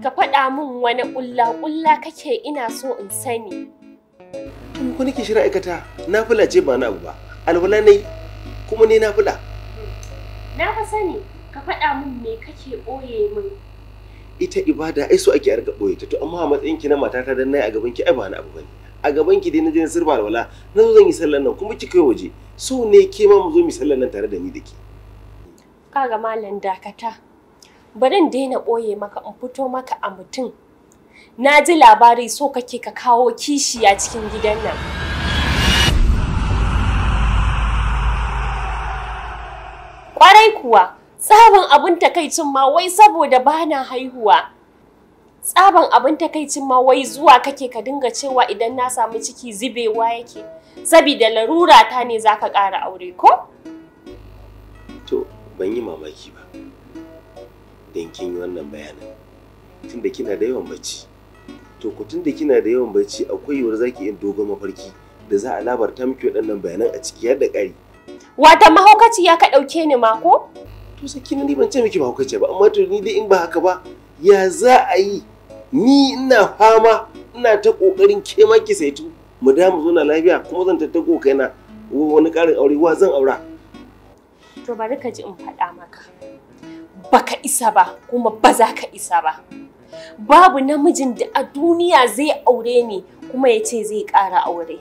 Ka faɗa min wani ƙulla-ƙulla kake ina so in sani. Kuma ko nake shirin aikata na fula ce ba na abu ba. Alwala ne kuma ne na fula. Na fa sani ka faɗa min me kake ɓoye min. Ita ibada ai so ake arga ɓoye ta to amma a matsayin ki na matata dan nayi a gaban ki ai ba na abu bane. A gaban ki dai na je na sirba alwala na zo zan yi sallar nan kuma kika yi waje. So ne ke ma mu zo mu sallar nan tare da ni da ke. Kaga malam dakata. bari in daina ɓoye maka in fito maka a mutum na ji labari so kake ka kawo kishi a cikin gidan nan Kwarai kuwa tsaban abin takaicin ma wai saboda bana haihuwa tsaban abin takaicin ma wai zuwa kake ka dinga cewa idan na samu ciki zubewa yake sabida larura ta ne za ka ƙara aure ko? To, ban yi mamaki ba. don kin yi wannan bayanin tunda kina da yawan bacci to ku tunda kina da yawan bacci akwai yiwuwar zaki yin dogon mafarki da za a labarta miki waɗannan bayanan a ciki yadda ƙari wata ya ka ɗauke ni ma ko to saki ni ban ce miki mahaukaci ba amma to ni dai in ba haka ba ya za a yi ni ina fama ina ta ƙoƙarin ke ma ki saitu mu da mu zauna lafiya kuma zan tattako kaina wani ƙarin aure wa zan aura to bari ka ji in faɗa maka baka isa ba kuma ba za ka isa ba babu namijin da a duniya zai aure ni kuma ya ce zai ƙara aure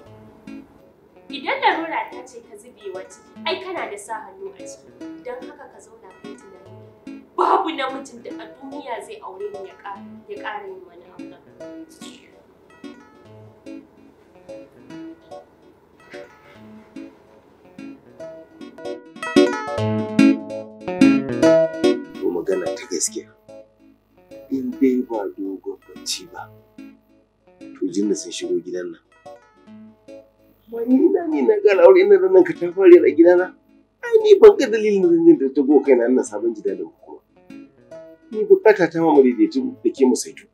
idan larura ta ce ka zube ciki ai kana da sa hannu a ciki don haka ka zauna kai tunani babu namijin da a duniya zai aure ni ya ƙara yin wani abu gaskiya in dai ba dogon bacci ba to jinna sun shigo gidan nan wani ina ne na ga aure ina nan ka tafare a gidana ai ni ban ga dalilin da zan ta go kaina ina sabon gida da kuma ni bukata ta mamari da ta da ke musaitu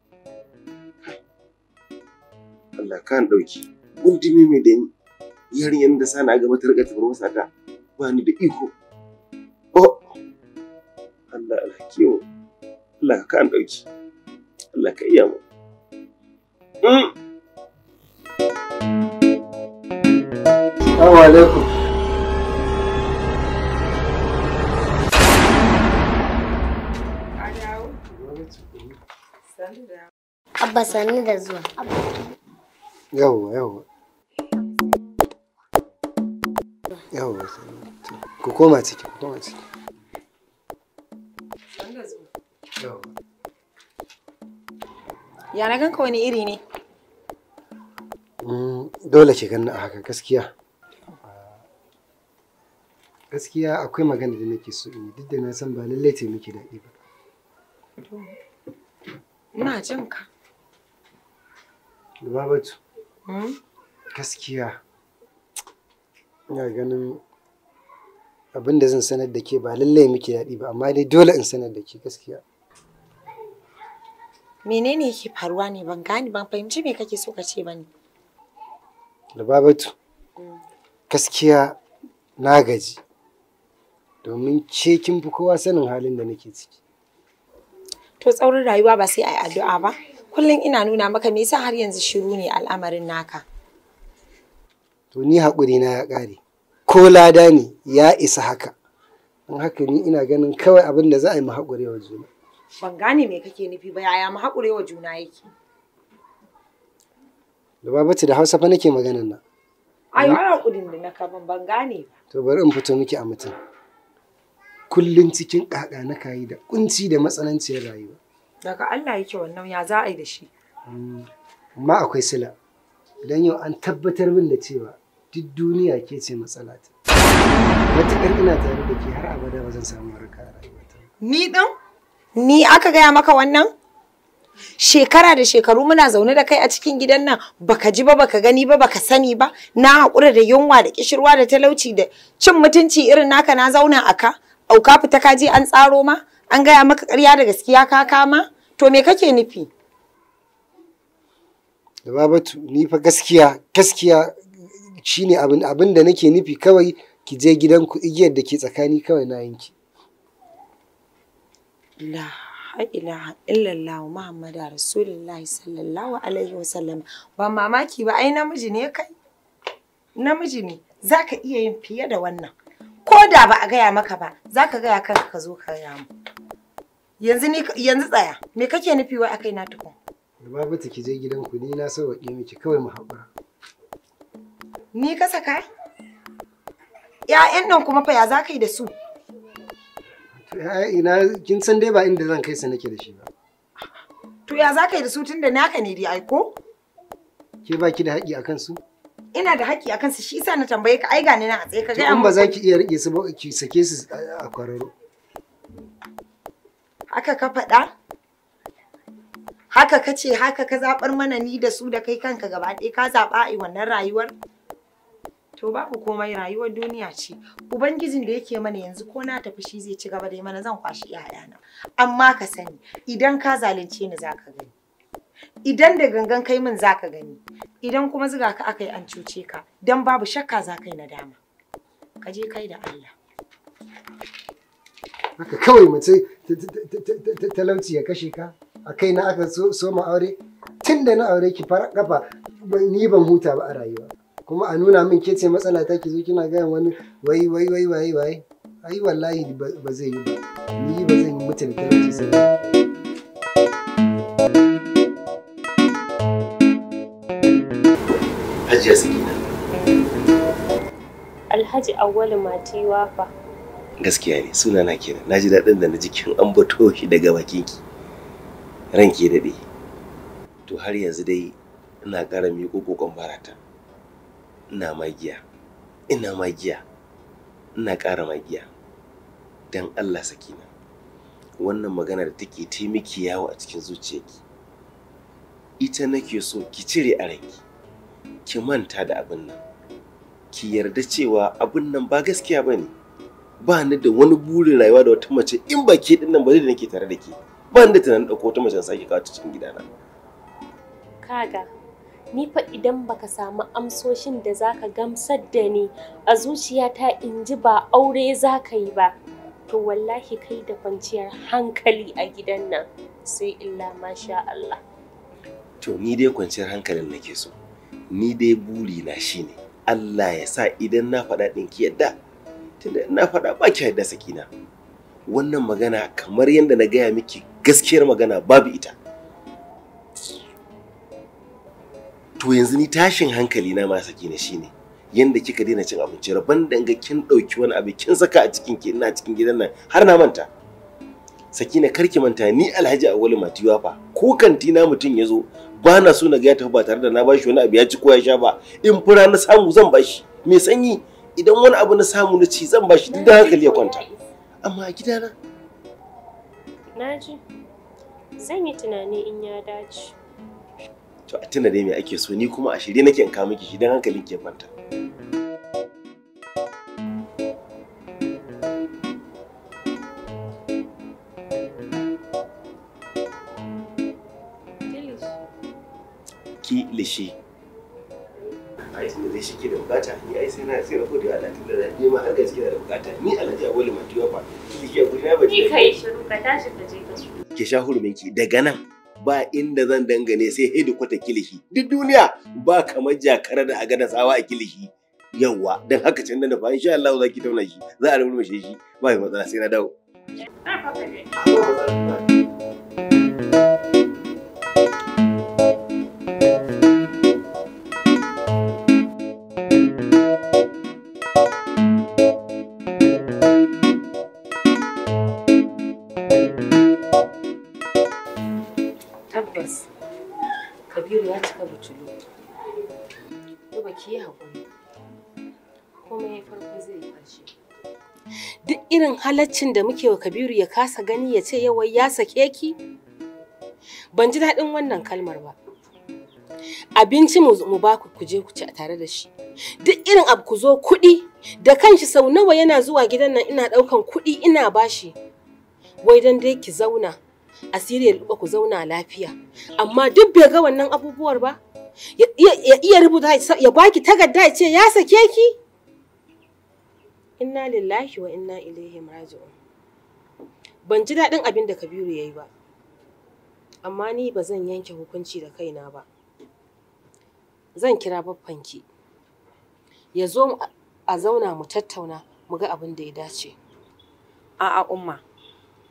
Allah kan dauki gundumi mai da ni yarinyar da sana a gaba ta rika tabar masa ta ba ni da iko oh Allah Allah ka an ɗauki Allah ka iya mu mm. Assalamu alaikum Abba sani da zuwa. Yawwa yawwa. Yawwa sani. Ku koma ciki, ku koma ciki. Ya na ganka wani iri ne? Mm, dole ki ganin a haka gaskiya. Gaskiya akwai magana da nake so in yi duk da na san ba lallai ta miki daɗi ba. Ina jin ka. Babatu. Hmm? Gaskiya. Ina ganin abin da zan sanar da ke ba lallai muke daɗi ba amma dai dole in sanar da ke gaskiya. menene yake faruwa ne ban gane ban fahimci me kake so ka ce ba ne Lubabatu gaskiya na gaji domin ce kin fi kowa sanin halin da nake ciki to tsaurin rayuwa ba sai a yi addu'a ba kullum ina nuna maka me yasa har yanzu shiru ne al'amarin naka to ni haƙuri na ya ƙare ko lada ne ya isa haka don haka ni ina ganin kawai abin da za a yi mu haƙuri wa juna ban gane me kake nufi ba yaya mu wa juna yake Lubabatu da Hausa fa nake maganan nan ai ai haƙurin da naka ban ban gane to bari in fito miki a mutum kullun cikin ƙaƙa na kayi da kunci da matsananciyar rayuwa daga Allah yake wannan ya za a yi da shi mm, amma akwai sila don yau an tabbatar min da cewa duk duniya ke ce matsala ta. matuƙar ina tare da ke har abada bazan samu harka a ni ɗan Ni aka gaya maka wannan? Shekara da shekaru muna zaune da kai a cikin gidan nan baka ji ba baka gani ba baka sani ba na haƙura da yunwa da kishirwa da talauci da cin mutunci irin naka na zauna a ka auka fita ka je an tsaro ma an gaya maka ƙarya da gaskiya ka kama to me kake nufi? Da babatu ni fa gaskiya gaskiya shine abin abin da nake nufi kawai ki je gidanku igiyar da ke tsakani kawai na yanki. la ilaha illallah muhammadu rasulullahi sallallahu alaihi wasallam ba mamaki ba ai namiji ne kai namiji ne za ka iya yin fiye da wannan ko da ba a gaya maka ba za ka gaya kanka ka zo ka gaya mu yanzu ni yanzu tsaya me kake nufi wai akai na tukun babu ta ki je gidan ku ni na sauwaƙe miki kawai mu ni ka saka 'Ya'yan nan kuma fa ya za yi da su Eh, ina kin san dai ba inda zan kai su nake da shi ba. To ya za ka yi da su tun da naka ne dai aiko? Ke ba ki da haƙƙi a kansu? Ina da haƙƙi a kansu shi yasa na tambaye ka ai ga ni na a tsaye ka ga. In ba za ki iya rike su ba ki sake su a kwararo. Haka ka faɗa? Haka ka ce haka ka zaɓar mana ni da su da kai kanka gaba ɗaya ka zaɓa a wannan rayuwar? To babu komai rayuwar duniya ce. Ubangijin da yake mana yanzu ko na tafi shi zai ci gaba da mana zan kwashi na. Amma ka sani idan ka zalunce ni zaka gani. Idan da gangan kai min zaka gani. Idan kuma zuga ka akai an cuce ka dan babu shakka za kai nadama. Ka je kai da Allah. Haka kawai mace talauci ya kashe ka a kai na aka so ma aure tun na aure ki fara kafa ni ban huta ba a rayuwa. kuma a nuna min ke ce matsala ta ke zo kina gaya wani wai wai wai wai wai ai wallahi ba zai yi ba ni ba zan yi mutum talauci sai Hajiya Sakina. Alhaji Awwalu Matiwa fa. Gaskiya ne suna na kenan. Na ji daɗin da na ji kin bato shi daga bakin ki. Ranki daɗe. To har yanzu dai ina ƙara miƙo kokon barata. ina magiya ina magiya ina ƙara magiya don allah sakina wannan magana da take taimaki yawo a cikin zuciyarki ita nake so ki cire a ranki ki manta da abin nan ki yarda cewa abin nan ba gaskiya ba ne ba ni da wani burin rayuwa da wata mace in ba ke nan ba da nake tare da ke ba ni da tunanin ɗauko wata mace sake kawo cikin gidana kaga ni fa idan baka samu amsoshin da zaka gamsar da ni a zuciyata in ji ba aure zaka yi ba to wallahi kai da kwanciyar hankali a gidan nan sai illa masha Allah to ni dai kwanciyar hankalin nake so ni dai buri na shine Allah ya sa idan na faɗa ɗin ki yadda tunda na faɗa ba ki yadda sakina wannan magana kamar yadda na gaya miki gaskiyar magana babu ita to yanzu ni tashin hankali na ma saki na shine yanda kika daina cin abinci rabban da ga kin dauki wani abu kin saka a cikin ki ina cikin gidan nan har na manta sakina karki manta ni alhaji awali matiwa fa ko kantina mutum ya zo ba na so na ga ya tafi ba tare da na bashi wani abu ya ci ko ya sha ba in fura na samu zan bashi me sanyi idan wani abu na samu na ci zan bashi duk da hankali ya kwanta amma a gidana na ji zan yi tunani in ya dace to a tuna dai me ake so ni kuma a shirye nake in kawo miki shi dan hankalin ke kwanta ki lishi ai tunda dai shike da bukata ni ai sai na sai na gode Allah tunda da ni ma har gaske da bukata ni ya Alhaji Abdul Matiwa fa kike gudana ba Ki kai shiru ka tashi ka je ka su ke sha hurumin ki daga nan ba inda zan dangane sai kwata kilishi duk duniya ba kamar jakar da aga da tsawa a kilishi yawwa don haka can da nufa insha Allah za ki tauna shi za a rumurmushe shi ba matsala sai na dawo. kabiru ya cika butulu yaba ki yi haƙuri komai ya farko zai yi ƙarshe duk irin halaccin da muke wa kabiru ya kasa gani ya ce yawai ya sake ki ban ji daɗin wannan kalmar ba abinci mu ba ku kuje ku ci tare da shi duk irin abu ku zo kuɗi da kanshi sau nawa yana zuwa gidan nan ina ɗaukan kuɗi ina bashi wai dan dai ki zauna asiri ya ku zauna lafiya amma duk bai ga wannan abubuwar ba ya iya rubuta ya baki takarda ya ce ya sake ki inna lillahi wa inna ilaihi raji'un ban ji daɗin abin da kabiru ya yi ba amma ni ba zan yanke hukunci da kaina ba zan kira baffanki ya zo a zauna mu tattauna mu ga abin da ya dace a'a umma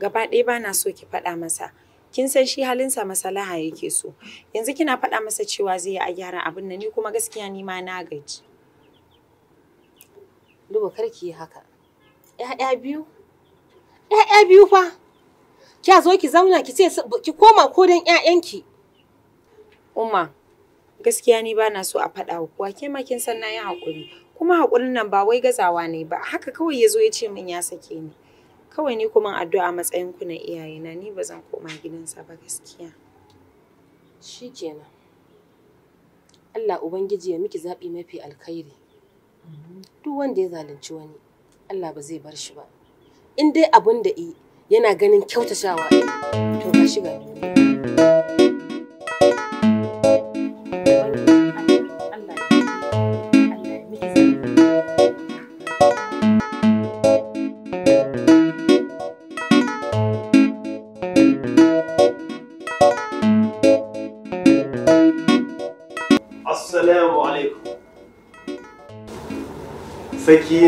gaba ɗaya ba na so ki faɗa masa kin san shi halinsa masalaha yake so yanzu kina faɗa masa cewa zai yi a gyara abin nan ni kuma gaskiya ni ma na gaji duba kar ki yi haka ‘ya'ya biyu ‘ya'ya biyu fa kya zo ki zauna ki ce ki koma ko dan ‘ya'yanki umma gaskiya ni ba na so a faɗa wa kowa ke ma kin san na yi haƙuri kuma haƙurin nan ba wai gazawa ne ba haka kawai ya zo ya ce min ya sake ni kawai ni kuma addu'a matsayin ku na iyaye na, ni ba zan koma gidansa ba gaskiya shikenan Allah ubangiji ya miki zaɓi mafi alkhairi duk wanda ya zalunci wani Allah ba zai bar shi ba in dai abun da yana ganin kyautatawa to ka shiga. duniya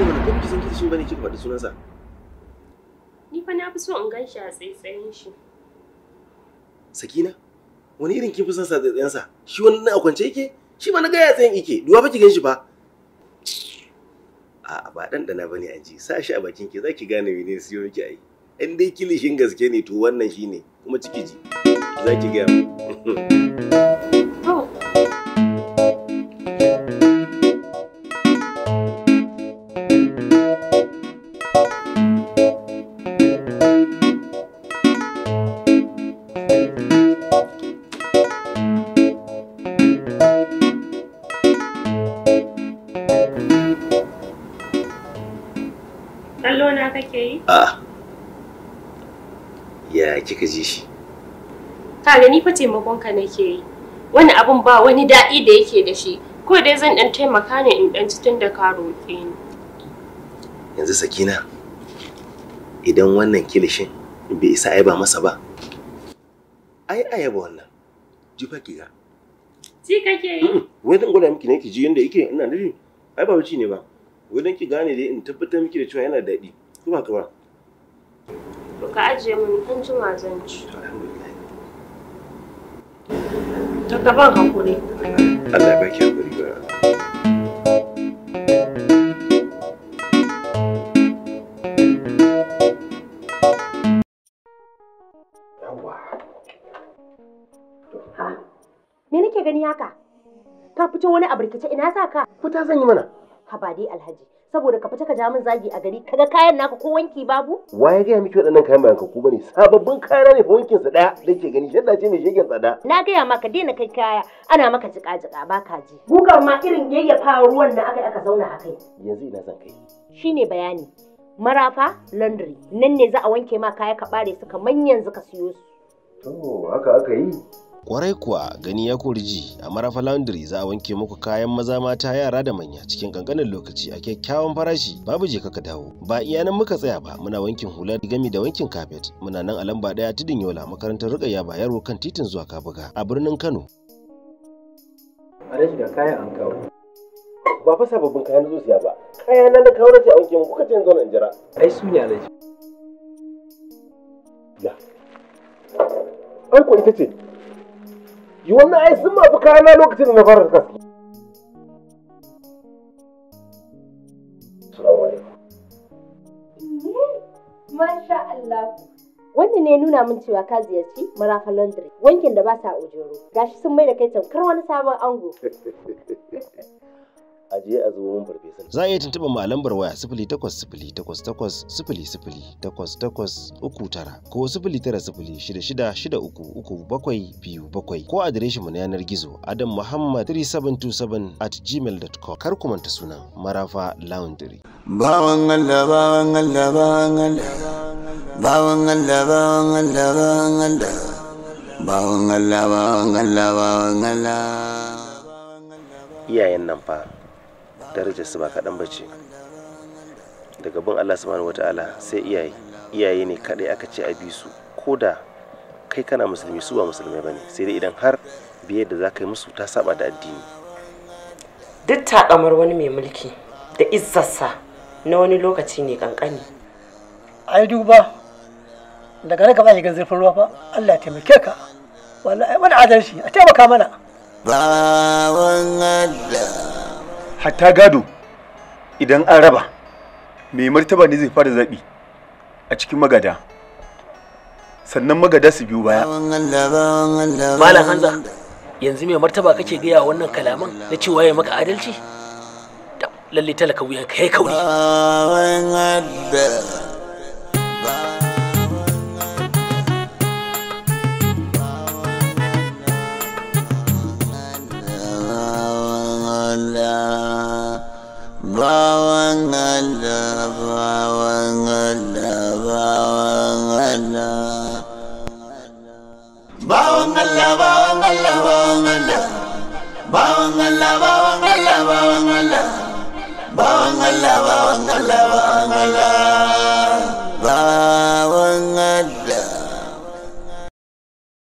Ko mana ko kisan kisan bane kika faɗi sunansa ni fa na fi so in gan shi a tsaitsayin shi sakina wani irin kin fi son sa tsaitsayin sa shi wani na kwance yake shi ma na gaya tsayin yake duwa baki ki gan shi fa a ba dan dana bane a ji sa shi a bakin ki zaki gane mene siyo miki ai in dai kilishin gaske ne to wannan shine kuma ciki ji zaki ga mu a ah. ya kika ji shi kaga ni fa taimakonka ka nake yi wani abun ba wani daɗi da yake da shi ko dai zan dan taimaka ne in dan cikin da ka roƙe ni yanzu sakina idan wannan kilishin bai isa ai ba masa ba ai ayaba wannan ji fa ki ga ci kake yi wai dan gwada miki ne ki ji yanda yake ina nufi ai ba wuci ne ba wai dan ki gane dai in tabbatar miki da cewa yana daɗi ko ba ka ba ka ajiye mun an jima zan ci ta gaban hakuri Allah ya baki hakuri ba Me nake gani haka? Ka fito wani a birkice ina sa ka? Fita zan yi mana. Ha ba dai Alhaji. saboda ka fita ka ja min zagi a gari kaga kayan naka ko wanki babu wa ya gaya miki waɗannan kayan bayan ku bane sababbin kaya ne fa wankin sa daya da ke gani shedda ce mai shegen tsada na gaya maka daina kai kaya ana maka jika jika ba ka ji bukar ma irin yayyafa ruwan na aka aka zauna a kai yanzu ina zan kai shine bayani marafa laundry nan ne za a wanke ma kaya ka bare su kamar yanzu ka siyo su to haka aka yi Kwarai kuwa gani ya kurji ji a Marafa Laundry za a wanke muku kayan maza mata yara da manya cikin kankanin lokaci a kyakkyawan farashi babu je ka dawo. Ba iya nan muka tsaya ba muna wankin hula gami da wankin kafet muna nan a lamba daya tudun yola makarantar rukayya ba yaro kan titin zuwa kabuga a birnin Kano. A ga kayan an kawo. Ba fa sababbin kayan zuciya ba. kayan na da kawo nace a wanke muku kace yanzu na jira. Ai su ne alaji. Ya. Ai ko ita ce yi wannan ai sun mafi kayana lokacin da na fara gaske Masha Allah. Wannan ne nuna min cewa ka ziyarci Marafa Laundry, wankin da ba sa ojoro. Gashi sun mai da kai tamkar wani sabon ango. a a zo mun farfesa za a iya tuntuɓa malam barwaya sifili takwas sifili takwas takwas sifili sifili takwas takwas uku tara ko sifili tara sifili shida shida shida uku uku bakwai biyu bakwai ko adireshin mu na yanar gizo adam muhammad 3727 at gmail.com kar ku manta suna marafa laundry bawan allah bawan allah bawan allah bawan allah bawan allah bawan allah bawan allah bawan allah bawan allah iyayen nan fa darajar su ba kaɗan ba ce daga bin allah subhanahu ala sai iyaye iyaye ne kaɗai aka ce a bi su ko da kai kana musulmi su ba musulmai ba ne sai dai idan har biyar da za ka yi musu ta saba da addini duk takamar wani mai mulki da izzarsa na wani lokaci ne ƙanƙani ai duba daga nan gaba shigan zurfin ruwa ba. allah ya taimake ka wani adalci a taimaka mana bawan allah hatta gado idan an raba mai martaba ne zai fara zaɓi a cikin magada sannan magada su biyu baya malam hanza yanzu mai martaba kake gaya wannan kalaman na cewa ya maka adalci lalle talaka wuyan kai kauri